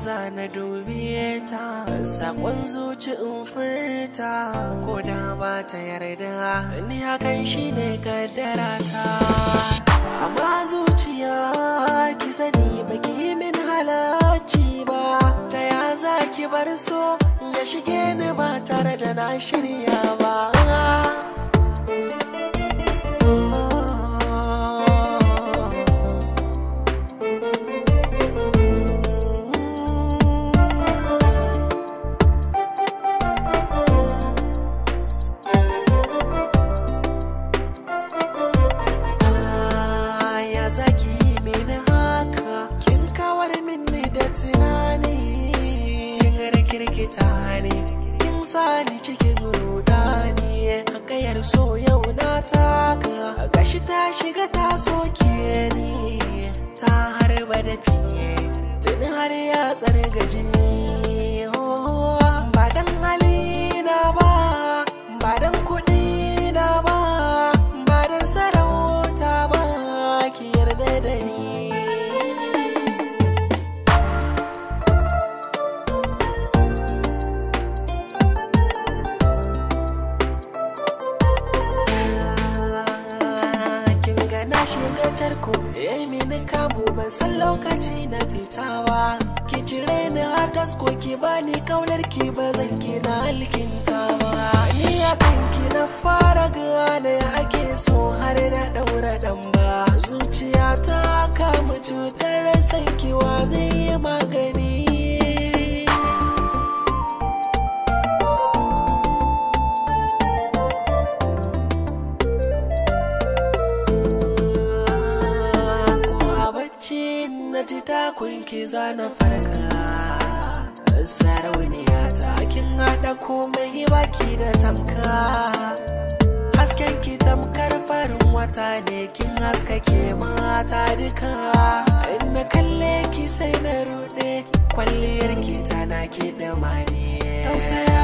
za na dube ta sakon zuci in furta ko da ba ta yarda ni hakan shine kaddara ta amma zuciya ki sani ba baki min halacci ba ta ya za ki bar so ya shige ni ba tare da na shirya ba zaki yi mini haka kin kawar mini da tunani kin rikirkita ni kin ni cikin rudani hakayar so yau na taka gashi ta shiga ta soke ni ta harba da fiye har ya tsare gaji ba dan hali da ni na shiga tarko eh, mini kamu san lokaci na fitawa ki cire ni a ki bani kaunar ki ba zan gina na alkintawa ni a kanki na fara gane ake so cutar sankiwa zai yi magani na ji takun ki zana farka sarauniya ta kin haɗa komai baki da tamka mata ne kin ke mata duka na kalle ki sai na rude kwalliyar ki tana da mani tausaya